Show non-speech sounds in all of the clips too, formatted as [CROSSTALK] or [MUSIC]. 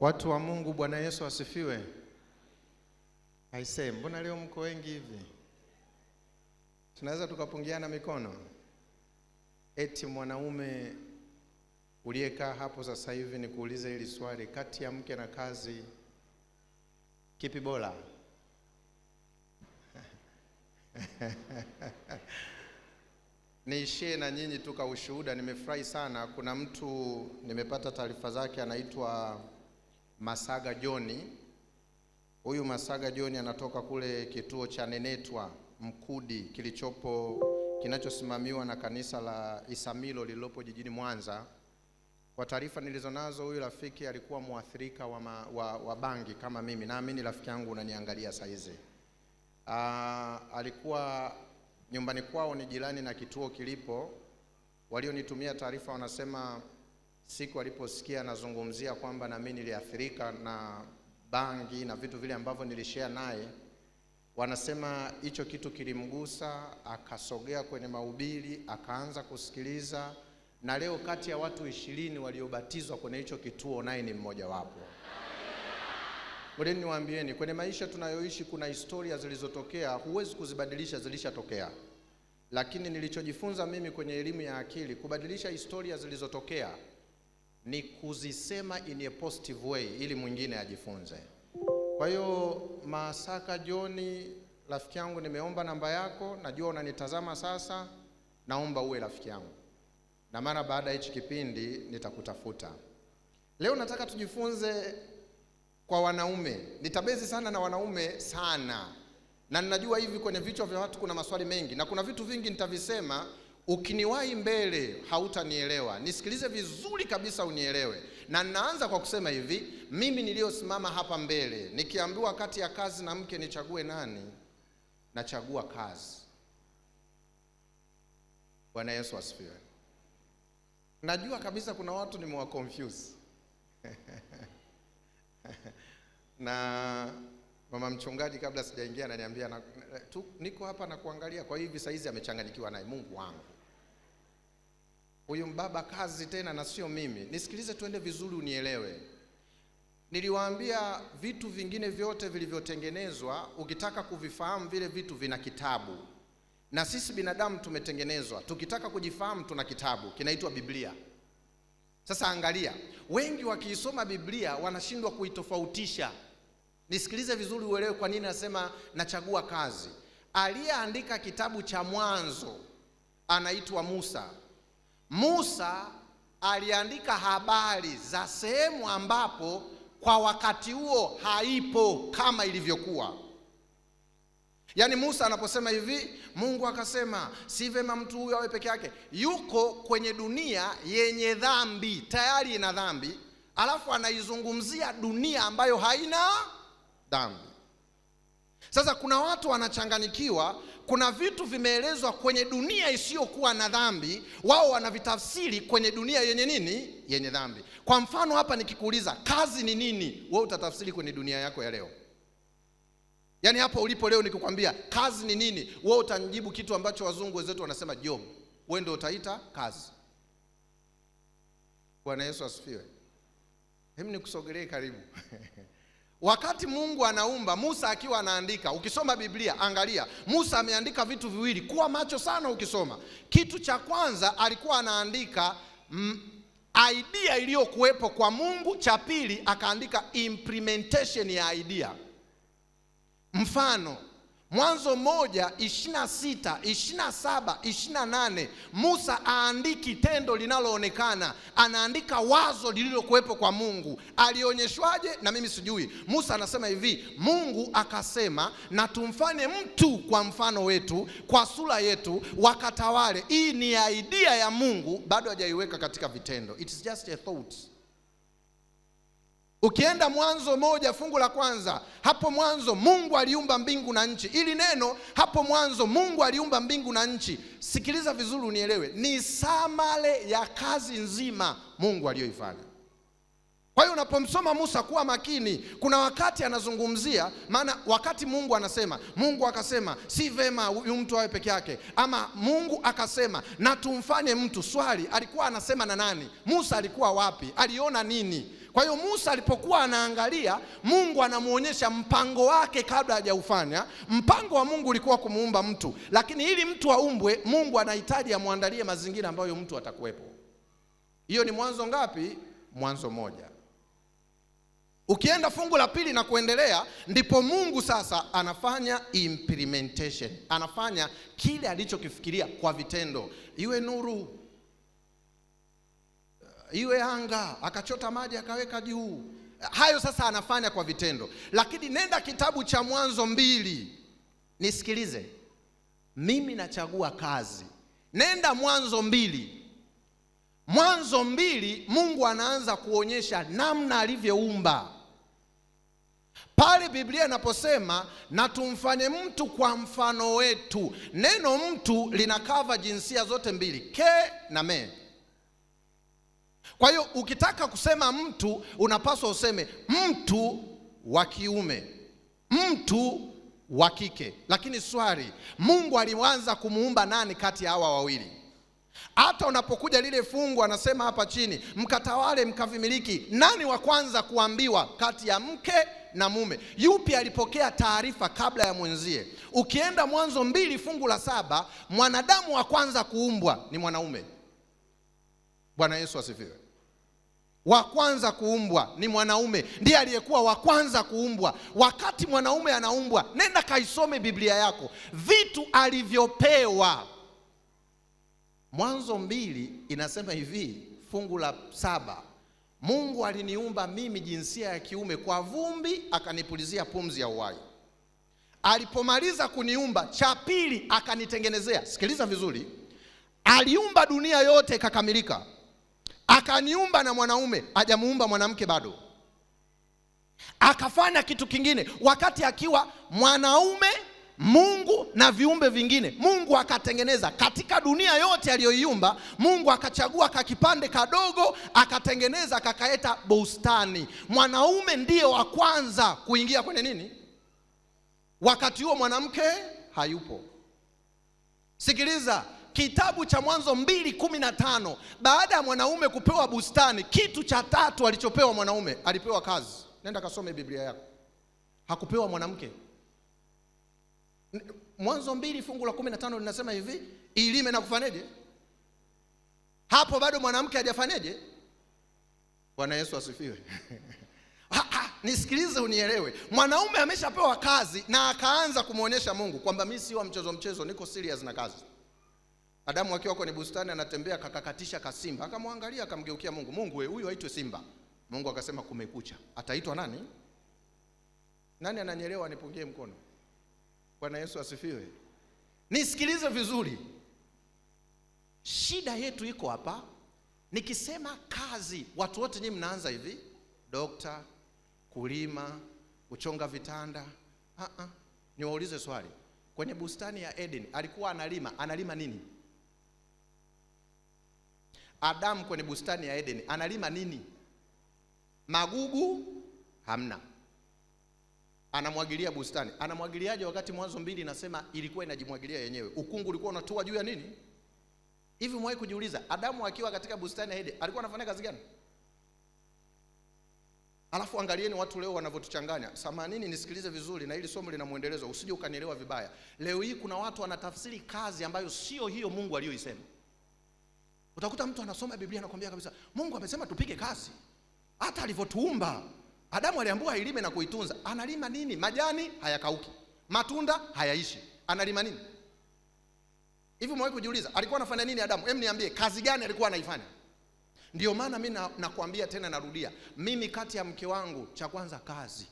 Watu wa Mungu, Bwana Yesu asifiwe. Aisee, mbona leo mko wengi hivi? Tunaweza tukapungiana mikono? Eti mwanaume uliyekaa hapo sasa hivi, nikuulize hili swali, kati ya mke na kazi kipi bora? [LAUGHS] Niishie na nyinyi tu kwa ushuhuda. Nimefurahi sana, kuna mtu nimepata taarifa zake anaitwa Masaga joni Huyu Masaga Joni anatoka kule kituo cha Nenetwa Mkudi kilichopo kinachosimamiwa na kanisa la Isamilo lililopo jijini Mwanza. Kwa taarifa nilizonazo, huyu rafiki alikuwa mwathirika wa, ma, wa, wa bangi kama mimi, naamini rafiki yangu unaniangalia saa hizi. Ah, alikuwa nyumbani kwao ni jirani na kituo kilipo. Walionitumia taarifa wanasema siku aliposikia anazungumzia kwamba na mimi niliathirika na bangi na vitu vile ambavyo nilishare naye, wanasema hicho kitu kilimgusa, akasogea kwenye mahubiri, akaanza kusikiliza, na leo kati ya watu ishirini waliobatizwa kwenye hicho kituo naye ni mmojawapo. Ngojeni niwaambieni, kwenye maisha tunayoishi kuna historia zilizotokea, huwezi kuzibadilisha, zilishatokea. Lakini nilichojifunza mimi kwenye elimu ya akili, kubadilisha historia zilizotokea ni kuzisema in a positive way ili mwingine ajifunze. Kwa hiyo Masaka Joni, rafiki yangu, nimeomba namba yako, najua unanitazama sasa, naomba uwe rafiki yangu, na mara baada ya hichi kipindi nitakutafuta. Leo nataka tujifunze kwa wanaume, nitabezi sana na wanaume sana, na ninajua hivi kwenye vichwa vya watu kuna maswali mengi na kuna vitu vingi nitavisema Ukiniwahi mbele hautanielewa, nisikilize vizuri kabisa unielewe. Na ninaanza kwa kusema hivi, mimi niliyosimama hapa mbele, nikiambiwa kati ya kazi na mke nichague nani, nachagua kazi. Bwana Yesu asifiwe. Najua kabisa kuna watu nimewa confuse [LAUGHS] na mama mchungaji kabla sijaingia ananiambia niko hapa na kuangalia, kwa hivi saizi amechanganyikiwa naye. Mungu wangu huyu mbaba kazi tena na sio mimi. Nisikilize, tuende vizuri, unielewe. Niliwaambia vitu vingine vyote vilivyotengenezwa, ukitaka kuvifahamu vile vitu vina kitabu, na sisi binadamu tumetengenezwa, tukitaka kujifahamu tuna kitabu kinaitwa Biblia. Sasa angalia, wengi wakiisoma Biblia wanashindwa kuitofautisha. Nisikilize vizuri uelewe kwa nini nasema nachagua kazi. Aliyeandika kitabu cha Mwanzo anaitwa Musa Musa aliandika habari za sehemu ambapo kwa wakati huo haipo kama ilivyokuwa. Yaani Musa anaposema hivi, Mungu akasema si vema mtu huyo awe peke yake. Yuko kwenye dunia yenye dhambi, tayari ina dhambi, alafu anaizungumzia dunia ambayo haina dhambi. Sasa kuna watu wanachanganyikiwa, kuna vitu vimeelezwa kwenye dunia isiyokuwa na dhambi, wao wanavitafsiri kwenye dunia yenye nini? Yenye dhambi. Kwa mfano hapa nikikuuliza kazi ni nini, wewe utatafsiri kwenye dunia yako ya leo. Yaani hapo ulipo leo nikikwambia kazi ni nini, wewe utanijibu kitu ambacho wazungu wenzetu wanasema job, wewe ndio utaita kazi. Bwana Yesu asifiwe. Hem, nikusogelee karibu [LAUGHS] Wakati Mungu anaumba, Musa akiwa anaandika. Ukisoma Biblia, angalia, Musa ameandika vitu viwili. Kuwa macho sana ukisoma. Kitu cha kwanza alikuwa anaandika mm, idea iliyokuwepo kwa Mungu, cha pili akaandika implementation ya idea. Mfano, Mwanzo moja ishirini na sita ishirini na saba ishirini na nane Musa aandiki tendo linaloonekana, anaandika wazo lililokuwepo kwa Mungu. Alionyeshwaje? Na mimi sijui. Musa anasema hivi, Mungu akasema, na tumfanye mtu kwa mfano wetu, kwa sura yetu, wakatawale. Hii ni idea ya Mungu, bado hajaiweka katika vitendo. It is just a thought. Ukienda Mwanzo moja fungu la kwanza, hapo mwanzo Mungu aliumba mbingu na nchi. Ili neno hapo mwanzo Mungu aliumba mbingu na nchi, sikiliza vizuri unielewe, ni samale ya kazi nzima Mungu aliyoifanya. Kwa hiyo unapomsoma Musa kuwa makini, kuna wakati anazungumzia, maana wakati Mungu anasema, Mungu akasema si vema huyu mtu awe peke yake, ama Mungu akasema na tumfanye mtu. Swali, alikuwa anasema na nani? Musa alikuwa wapi? Aliona nini? Kwa hiyo Musa alipokuwa anaangalia, Mungu anamwonyesha mpango wake kabla hajaufanya. Mpango wa Mungu ulikuwa kumuumba mtu, lakini ili mtu aumbwe, Mungu anahitaji amwandalie mazingira ambayo mtu atakuwepo. Hiyo ni Mwanzo ngapi? Mwanzo moja. Ukienda fungu la pili na kuendelea, ndipo Mungu sasa anafanya implementation, anafanya kile alichokifikiria kwa vitendo, iwe nuru iwe anga, akachota maji akaweka juu. Hayo sasa anafanya kwa vitendo, lakini nenda kitabu cha Mwanzo mbili nisikilize mimi, nachagua kazi. Nenda Mwanzo mbili, Mwanzo mbili, Mungu anaanza kuonyesha namna alivyoumba pale Biblia inaposema na tumfanye mtu kwa mfano wetu. Neno mtu linakava jinsia zote mbili, ke na me. Kwa hiyo ukitaka kusema mtu unapaswa useme mtu wa kiume, mtu wa kike. Lakini swali, Mungu alianza kumuumba nani kati ya hawa wawili? Hata unapokuja lile fungu anasema hapa chini, mkatawale mkavimiliki. Nani wa kwanza kuambiwa kati ya mke na mume? Yupi alipokea taarifa kabla ya mwenzie? Ukienda Mwanzo mbili fungu la saba, mwanadamu wa kwanza kuumbwa ni mwanaume. Bwana Yesu asifiwe. Wa kwanza kuumbwa ni mwanaume, ndiye aliyekuwa wa kwanza kuumbwa. Wakati mwanaume anaumbwa, nenda kaisome Biblia yako vitu alivyopewa. Mwanzo mbili inasema hivi, fungu la saba, Mungu aliniumba mimi jinsia ya kiume, kwa vumbi akanipulizia pumzi ya uhai. Alipomaliza kuniumba, cha pili akanitengenezea. Sikiliza vizuri, aliumba dunia yote ikakamilika akaniumba na mwanaume, ajamuumba mwanamke bado. Akafanya kitu kingine wakati akiwa mwanaume Mungu na viumbe vingine. Mungu akatengeneza katika dunia yote aliyoiumba, Mungu akachagua kakipande kadogo, akatengeneza akakaeta bustani. Mwanaume ndiye wa kwanza kuingia kwenye nini? Wakati huo mwanamke hayupo. Sikiliza, kitabu cha Mwanzo mbili kumi na tano baada ya mwanaume kupewa bustani, kitu cha tatu alichopewa mwanaume, alipewa kazi. Nenda kasome Biblia yako, hakupewa mwanamke. Mwanzo mbili fungu la kumi na tano linasema hivi, ilime na kufanyeje? Hapo bado mwanamke hajafanyeje? Bwana Yesu asifiwe. [LAUGHS] Nisikilize unielewe. Mwanaume ameshapewa kazi na akaanza kumwonyesha Mungu kwamba mi siwa mchezo mchezo, niko serious na kazi. Adamu akiwa kwenye bustani anatembea, kakakatisha kasimba, akamwangalia, akamgeukia Mungu, Mungu wewe, huyu aitwe simba. Mungu akasema kumekucha, ataitwa nani? Nani ananyelewa anipungie mkono? Bwana Yesu asifiwe. Nisikilize vizuri, shida yetu iko hapa. Nikisema kazi, watu wote nyinyi mnaanza hivi, dokta, kulima, kuchonga vitanda. Ah ah, niwaulize swali, kwenye bustani ya Eden alikuwa analima, analima nini? Adamu kwenye bustani ya Edeni analima nini? Magugu hamna, anamwagilia bustani. Anamwagiliaje wakati Mwanzo mbili nasema ilikuwa inajimwagilia yenyewe? Ukungu ulikuwa unatua juu ya nini? Hivi mwahi kujiuliza, Adamu akiwa katika bustani ya Edeni alikuwa anafanya kazi gani? Alafu angalieni watu leo wanavyotuchanganya. Samanini, nisikilize vizuri, na hili somo lina mwendelezo, usije ukanielewa vibaya. Leo hii kuna watu wanatafsiri kazi ambayo sio hiyo Mungu aliyoisema. Utakuta mtu anasoma Biblia anakuambia kabisa, Mungu amesema tupige kazi. Hata alivyotuumba Adamu aliambua ailime na kuitunza. Analima nini? Majani hayakauki, matunda hayaishi, analima nini? Hivi mwawe kujiuliza, alikuwa anafanya nini Adamu? Hem, niambie kazi gani alikuwa anaifanya? Ndio maana mi nakwambia na tena, narudia mimi, kati ya mke wangu cha kwanza kazi,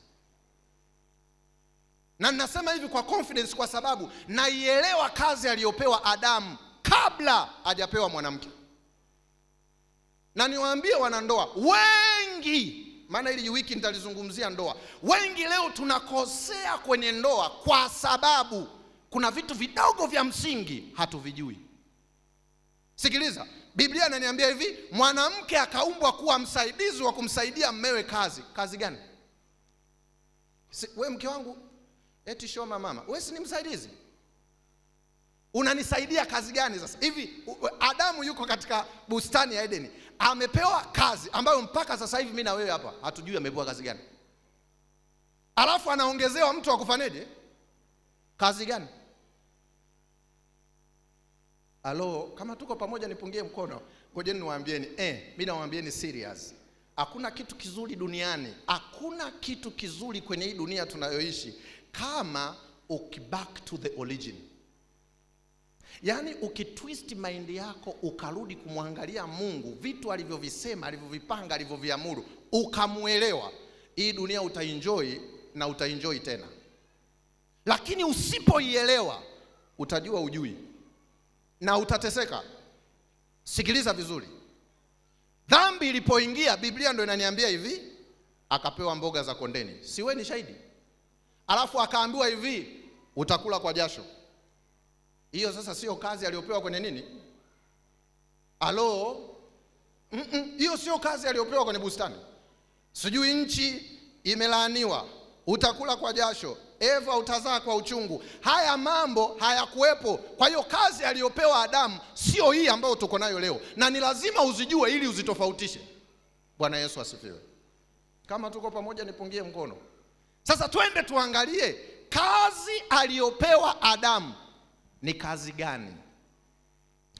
na ninasema hivi kwa confidence kwa sababu naielewa kazi aliyopewa Adamu kabla hajapewa mwanamke na niwaambie wanandoa wengi, maana hili wiki nitalizungumzia ndoa. Wengi leo tunakosea kwenye ndoa kwa sababu kuna vitu vidogo vya msingi hatuvijui. Sikiliza, Biblia inaniambia hivi, mwanamke akaumbwa kuwa msaidizi wa kumsaidia mmewe kazi. Kazi gani? Si, we mke wangu eti shoma mama, we si ni msaidizi? Unanisaidia kazi gani? Sasa hivi Adamu yuko katika bustani ya Edeni amepewa kazi ambayo mpaka sasa hivi mimi na wewe hapa hatujui amepewa kazi gani, alafu anaongezewa mtu akufanyeje kazi gani? Alo, kama tuko pamoja nipungie mkono. Ngojeni niwaambieni, eh, mimi nawaambieni serious. Hakuna kitu kizuri duniani, hakuna kitu kizuri kwenye hii dunia tunayoishi kama ukiback to the origin Yaani ukitwist mind yako ukarudi kumwangalia Mungu, vitu alivyovisema, alivyovipanga, alivyoviamuru, ukamuelewa, hii dunia utaenjoy na utaenjoy tena. Lakini usipoielewa utajua ujui na utateseka. Sikiliza vizuri, dhambi ilipoingia, Biblia ndo inaniambia hivi, akapewa mboga za kondeni. Si wewe ni shahidi? Alafu akaambiwa hivi, utakula kwa jasho hiyo sasa sio kazi aliyopewa kwenye nini? Alo, mm -mm. Hiyo sio kazi aliyopewa kwenye bustani. Sijui nchi imelaaniwa, utakula kwa jasho, Eva utazaa kwa uchungu. Haya mambo hayakuwepo. Kwa hiyo kazi aliyopewa Adamu sio hii ambayo tuko nayo leo, na ni lazima uzijue ili uzitofautishe. Bwana Yesu asifiwe. Kama tuko pamoja, nipungie mkono. Sasa twende tuangalie kazi aliyopewa Adamu ni kazi gani?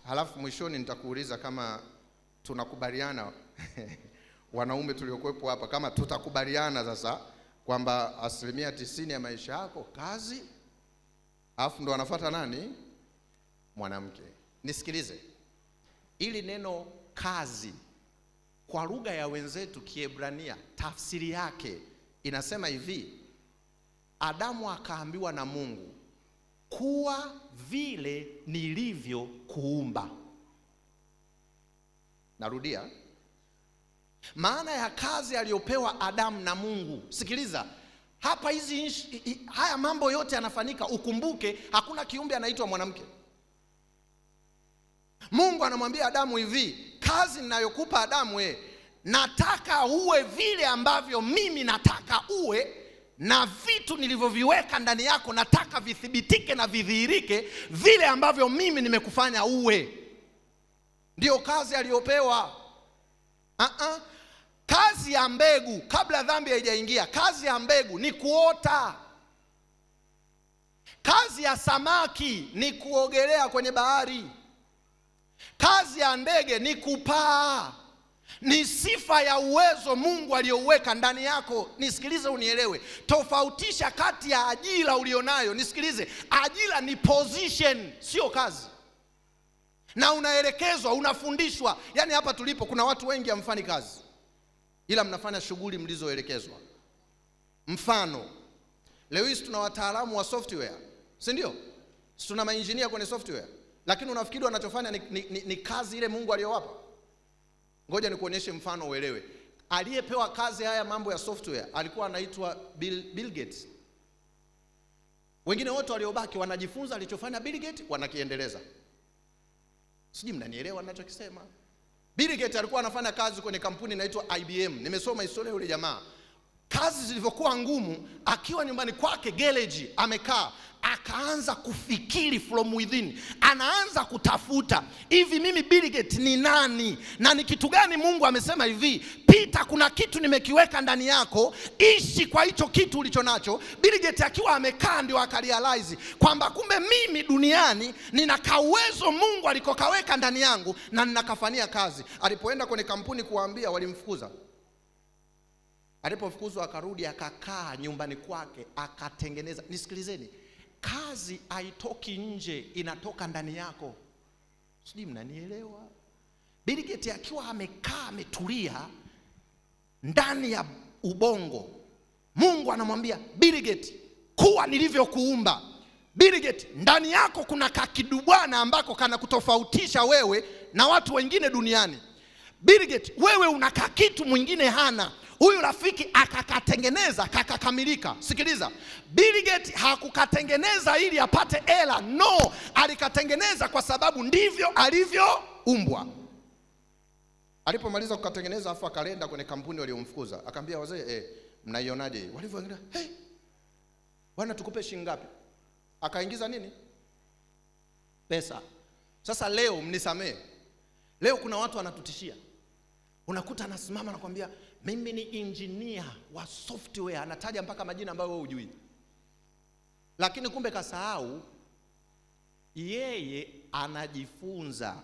Halafu mwishoni nitakuuliza kama tunakubaliana [LAUGHS] wanaume tuliokuwepo hapa, kama tutakubaliana sasa kwamba asilimia tisini ya maisha yako kazi, alafu ndo anafata nani? Mwanamke. Nisikilize, ili neno kazi kwa lugha ya wenzetu Kiebrania, tafsiri yake inasema hivi: Adamu akaambiwa na Mungu kuwa vile nilivyo kuumba Narudia, maana ya kazi aliyopewa Adamu na Mungu. Sikiliza hapa, hizi haya mambo yote yanafanyika. Ukumbuke hakuna kiumbe anaitwa mwanamke. Mungu anamwambia Adamu hivi, kazi ninayokupa Adamu, we nataka uwe vile ambavyo mimi nataka uwe na vitu nilivyoviweka ndani yako nataka vithibitike na vidhihirike vile ambavyo mimi nimekufanya uwe. Ndiyo kazi aliyopewa. uh -uh. Kazi ya mbegu kabla dhambi haijaingia, kazi ya mbegu ni kuota. Kazi ya samaki ni kuogelea kwenye bahari. Kazi ya ndege ni kupaa ni sifa ya uwezo Mungu aliyouweka ndani yako. Nisikilize unielewe, tofautisha kati ya ajira ulionayo. Nisikilize, ajira ni position, sio kazi, na unaelekezwa, unafundishwa. Yaani hapa tulipo kuna watu wengi hamfanyi kazi, ila mnafanya shughuli mlizoelekezwa. Mfano, leo hii tuna wataalamu wa software, si ndio? Tuna mainjinia kwenye software, lakini unafikiri wanachofanya ni, ni, ni, ni kazi ile Mungu aliyowapa Ngoja nikuonyeshe mfano uelewe. Aliyepewa kazi haya mambo ya software alikuwa anaitwa Bill, Bill Gates. Wengine wote waliobaki wanajifunza alichofanya Bill Gates wanakiendeleza. Sijui mnanielewa ninachokisema. Bill Gates alikuwa anafanya kazi kwenye kampuni inaitwa IBM. Nimesoma historia yule jamaa kazi zilivyokuwa ngumu, akiwa nyumbani kwake geleji amekaa, akaanza kufikiri from within, anaanza kutafuta hivi, mimi Bill Gates ni nani na ni kitu gani Mungu amesema hivi, Pita, kuna kitu nimekiweka ndani yako, ishi kwa hicho kitu ulicho nacho. Bill Gates akiwa amekaa ndio akarealize kwamba kumbe mimi duniani nina kauwezo Mungu alikokaweka ndani yangu na ninakafanyia kazi. Alipoenda kwenye kampuni kuwaambia, walimfukuza. Alipofukuzwa akarudi akakaa nyumbani kwake akatengeneza. Nisikilizeni, kazi haitoki nje, inatoka ndani yako. Sijui mnanielewa? Bill Gates akiwa amekaa ametulia ndani ya ubongo, Mungu anamwambia Bill Gates, kuwa nilivyokuumba. Bill Gates, ndani yako kuna kakidubwana ambako kanakutofautisha wewe na watu wengine duniani. Bill Gates, wewe una kakitu mwingine hana Huyu rafiki akakatengeneza kakakamilika. Sikiliza, Bill Gates hakukatengeneza ili apate hela, no, alikatengeneza kwa sababu ndivyo alivyoumbwa. Alipomaliza kukatengeneza, afu akalenda kwenye kampuni waliomfukuza, akaambia wazee, eh, mnaionaje? Walivyoangalia, hey, bwana, tukupe shilingi ngapi? Akaingiza nini? Pesa. Sasa leo mnisamee, leo kuna watu wanatutishia unakuta anasimama nakwambia, mimi ni injinia wa software, anataja mpaka majina ambayo wewe hujui, lakini kumbe kasahau yeye anajifunza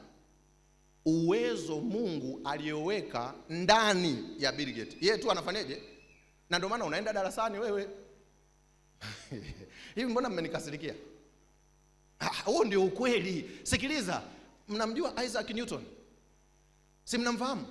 uwezo Mungu aliyoweka ndani ya Bill Gates. Yeye tu anafanyaje? Na ndio maana unaenda darasani wewe [LAUGHS] hivi mbona mmenikasirikia? Ah, huo ah, ndio ukweli. Sikiliza, mnamjua Isaac Newton? Si mnamfahamu?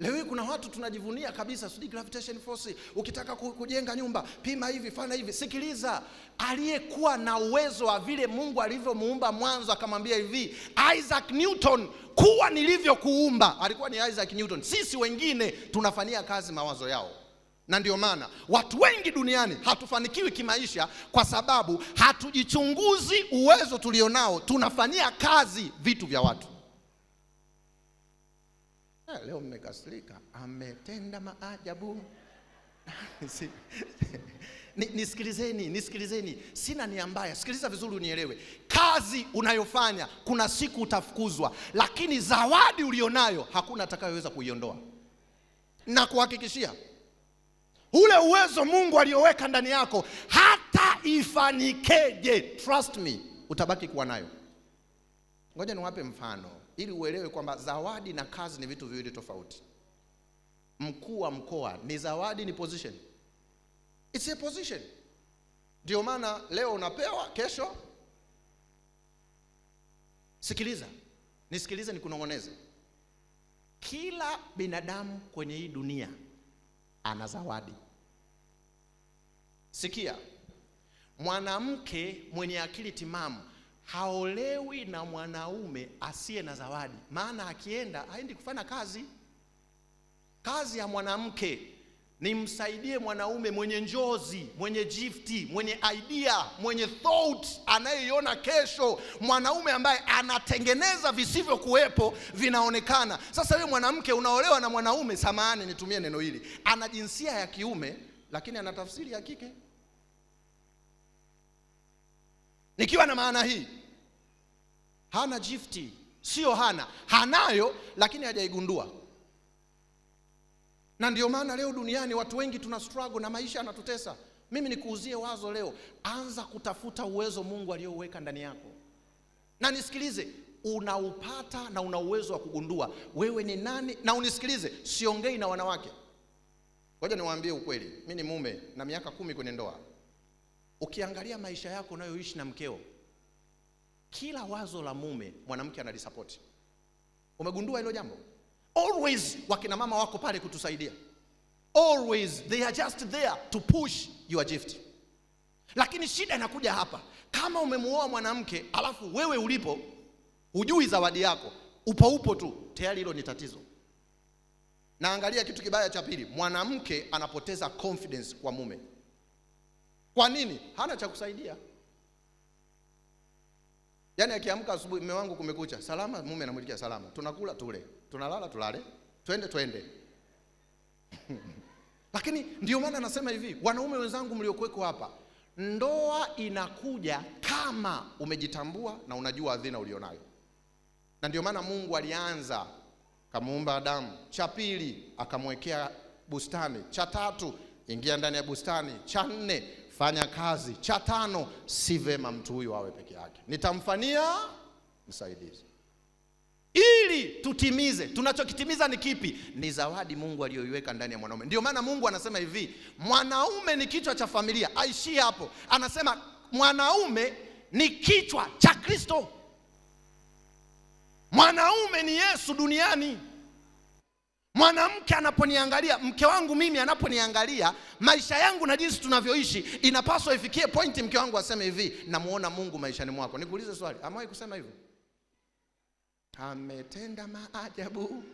Leo hii kuna watu tunajivunia kabisa, sijui gravitation force, ukitaka kujenga nyumba pima hivi, fanya hivi. Sikiliza, aliyekuwa na uwezo wa vile Mungu alivyomuumba mwanzo, akamwambia hivi, Isaac Newton, kuwa nilivyokuumba, alikuwa ni Isaac Newton. Sisi wengine tunafanyia kazi mawazo yao, na ndio maana watu wengi duniani hatufanikiwi kimaisha, kwa sababu hatujichunguzi uwezo tulionao, tunafanyia kazi vitu vya watu. Ha, ah, leo mmekasirika, ametenda maajabu. [LAUGHS] [LAUGHS] Nisikilizeni, nisikilizeni, sina nia mbaya. Sikiliza vizuri unielewe. Kazi unayofanya kuna siku utafukuzwa, lakini zawadi ulionayo hakuna atakayeweza kuiondoa. na kuhakikishia ule uwezo Mungu aliyoweka ndani yako, hata ifanikeje, trust me, utabaki kuwa nayo. Ngoja niwape mfano ili uelewe kwamba zawadi na kazi ni vitu viwili tofauti. Mkuu wa mkoa ni zawadi, ni position, it's a position. Ndio maana leo unapewa, kesho sikiliza, nisikilize, nikunong'oneze. Kila binadamu kwenye hii dunia ana zawadi. Sikia, mwanamke mwenye akili timamu haolewi na mwanaume asiye na zawadi, maana akienda aendi kufanya kazi. Kazi ya mwanamke ni msaidie mwanaume mwenye njozi, mwenye jifti, mwenye idea, mwenye thought, anayeiona kesho, mwanaume ambaye anatengeneza visivyokuwepo vinaonekana. Sasa wewe mwanamke unaolewa na mwanaume, samahani nitumie neno hili, ana jinsia ya kiume lakini ana tafsiri ya kike. nikiwa na maana hii, hana jifti sio hana, hanayo lakini hajaigundua. Na ndio maana leo duniani watu wengi tuna struggle na maisha yanatutesa. Mimi nikuuzie wazo leo, anza kutafuta uwezo Mungu aliyouweka ndani yako, na nisikilize, unaupata na una uwezo wa kugundua wewe ni nani. Na unisikilize, siongei na wanawake. Ngoja niwaambie ukweli, mimi ni mume na miaka kumi kwenye ndoa Ukiangalia maisha yako unayoishi na mkeo, kila wazo la mume mwanamke analisapoti. Umegundua hilo jambo? Always wakina mama wako pale kutusaidia, always they are just there to push your gift. Lakini shida inakuja hapa, kama umemuoa mwanamke alafu wewe ulipo hujui zawadi yako, upo upo tu, tayari hilo ni tatizo. Naangalia kitu kibaya cha pili, mwanamke anapoteza confidence kwa mume. Kwa nini? Hana cha kusaidia. Yaani akiamka asubuhi, mume wangu kumekucha, salama, mume anamwitikia salama, tunakula tule, tunalala tulale, twende twende. [LAUGHS] Lakini ndio maana anasema hivi, wanaume wenzangu mliokuweko hapa, ndoa inakuja kama umejitambua na unajua adhina ulionayo, na ndio maana Mungu alianza kamuumba Adamu, cha pili akamwekea bustani, cha tatu ingia ndani ya bustani, cha nne fanya kazi. Cha tano, si vema mtu huyu awe peke yake, nitamfanyia msaidizi ili tutimize. Tunachokitimiza ni kipi? Ni zawadi Mungu aliyoiweka ndani ya mwanaume. Ndio maana Mungu anasema hivi, mwanaume ni kichwa cha familia. Aishie hapo, anasema mwanaume ni kichwa cha Kristo. Mwanaume ni Yesu duniani. Mwanamke anaponiangalia, mke wangu mimi anaponiangalia, maisha yangu na jinsi tunavyoishi, inapaswa ifikie pointi mke wangu aseme hivi, namuona Mungu maishani mwako. Nikuulize swali, amewahi kusema hivyo? Ametenda maajabu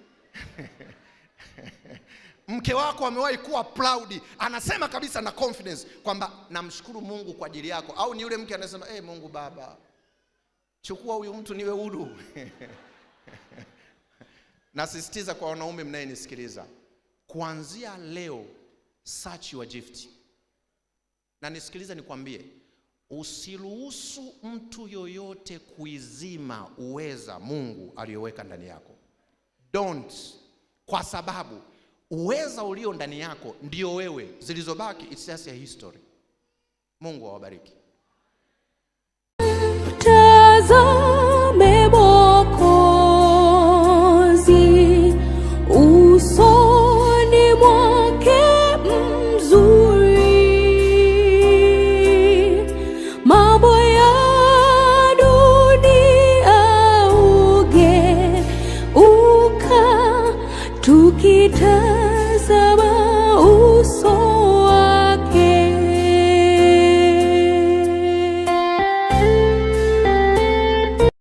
[LAUGHS] mke wako amewahi kuwa proud, anasema kabisa na confidence kwamba namshukuru Mungu kwa ajili yako? Au ni yule mke anasema hey, eh, Mungu Baba, chukua huyu mtu niwe huru [LAUGHS] Nasisitiza kwa wanaume mnayenisikiliza, kuanzia leo search your gift. Na nisikiliza nikwambie, usiruhusu mtu yoyote kuizima uweza Mungu aliyoweka ndani yako. Don't, kwa sababu uweza ulio ndani yako ndio wewe, zilizobaki it's just a history. Mungu awabariki.